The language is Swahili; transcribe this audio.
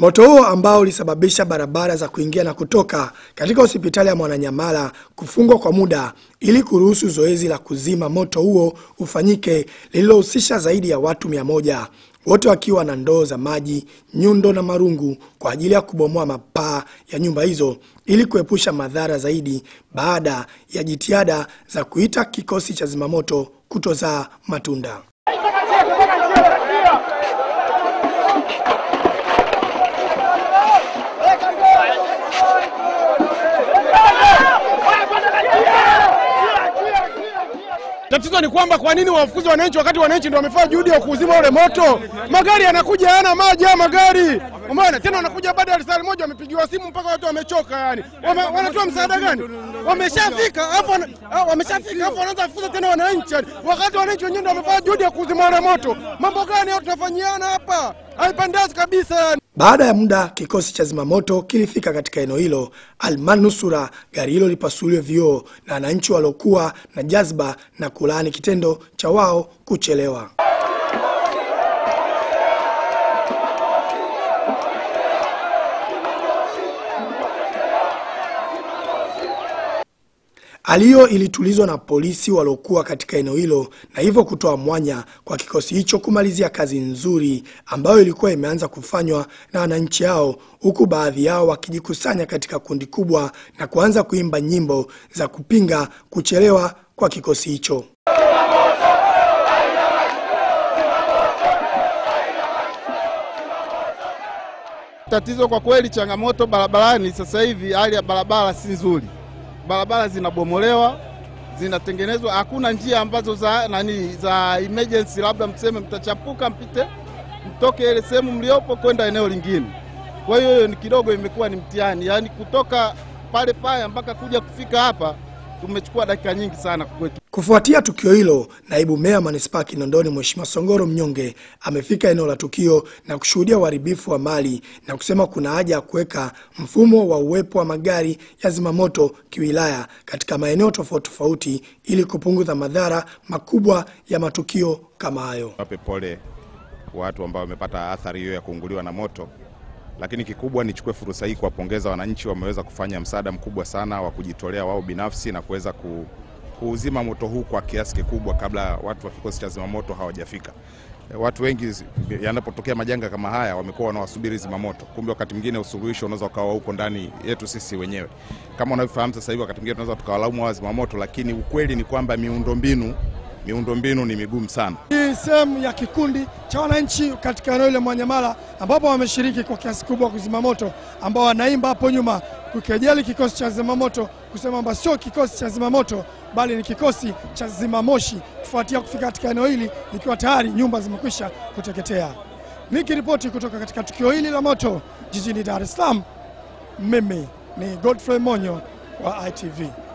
Moto huo ambao ulisababisha barabara za kuingia na kutoka katika hospitali ya Mwananyamala kufungwa kwa muda ili kuruhusu zoezi la kuzima moto huo ufanyike, lililohusisha zaidi ya watu mia moja, wote wakiwa na ndoo za maji, nyundo na marungu kwa ajili ya kubomoa mapaa ya nyumba hizo ili kuepusha madhara zaidi, baada ya jitihada za kuita kikosi cha zimamoto kutozaa matunda. Tatizo ni kwamba kwa nini wafukuzi wananchi wakati wananchi ndio wamefanya juhudi ya kuuzima ule moto? Magari yanakuja yana maji ya magari Umeona tena wanakuja baada ya saa moja wamepigiwa simu mpaka watu wamechoka, yani wanatoa msaada gani? Wameshafika hapo, ah, wameshafika hapo, wanaanza kufuza tena wananchi, wakati wananchi wenyewe ndio wamefanya juhudi ya kuzima na moto. Mambo gani au tunafanyiana hapa? Haipendezi kabisa yani. Baada ya muda kikosi cha zimamoto kilifika katika eneo hilo almanusura, gari hilo lipasuliwe vioo na wananchi waliokuwa na jazba na kulaani kitendo cha wao kuchelewa. hali hiyo ilitulizwa na polisi waliokuwa katika eneo hilo na hivyo kutoa mwanya kwa kikosi hicho kumalizia kazi nzuri ambayo ilikuwa imeanza kufanywa na wananchi hao, huku baadhi yao wakijikusanya katika kundi kubwa na kuanza kuimba nyimbo za kupinga kuchelewa kwa kikosi hicho. Tatizo kwa kweli, changamoto barabarani sasa hivi, hali ya barabara si nzuri barabara zinabomolewa zinatengenezwa, hakuna njia ambazo za nani za emergency, labda mseme mtachapuka mpite mtoke ile sehemu mliopo kwenda eneo lingine. Kwa hiyo hiyo ni kidogo imekuwa ni mtihani, yaani kutoka pale pale mpaka kuja kufika hapa tumechukua dakika nyingi sana kwetu. Kufuatia tukio hilo, naibu meya manispaa Kinondoni Mheshimiwa Songoro Mnyonge amefika eneo la tukio na kushuhudia uharibifu wa mali na kusema kuna haja ya kuweka mfumo wa uwepo wa magari ya zimamoto kiwilaya katika maeneo tofauti tofauti ili kupunguza madhara makubwa ya matukio kama hayo. Wape pole watu ambao wamepata athari hiyo ya kuunguliwa na moto, lakini kikubwa nichukue fursa hii kuwapongeza wananchi, wameweza kufanya msaada mkubwa sana wa kujitolea wao binafsi na kuweza ku kuuzima moto huu kwa kiasi kikubwa kabla watu wa kikosi cha zimamoto hawajafika. E, watu wengi yanapotokea majanga kama haya wamekuwa wanawasubiri zimamoto, kumbe wakati mwingine usuluhisho unaweza ukawa huko ndani yetu sisi wenyewe. Kama unavyofahamu sasa hivi, wakati mwingine tunaweza tukawalaumu hawa zimamoto, lakini ukweli ni kwamba miundombinu miundombinu ni migumu sana. Hii sehemu ya kikundi cha wananchi katika eneo la Mwanyamala ambapo wameshiriki kwa kiasi kubwa kuzima moto, ambao wanaimba hapo nyuma kukejeli kikosi cha zimamoto kusema kwamba sio kikosi cha zimamoto bali ni kikosi cha zimamoshi kufuatia kufika katika eneo hili ikiwa tayari nyumba zimekwisha kuteketea. Nikiripoti kutoka katika tukio hili la moto jijini Dar es Salaam, mimi ni Godfrey Monyo wa ITV.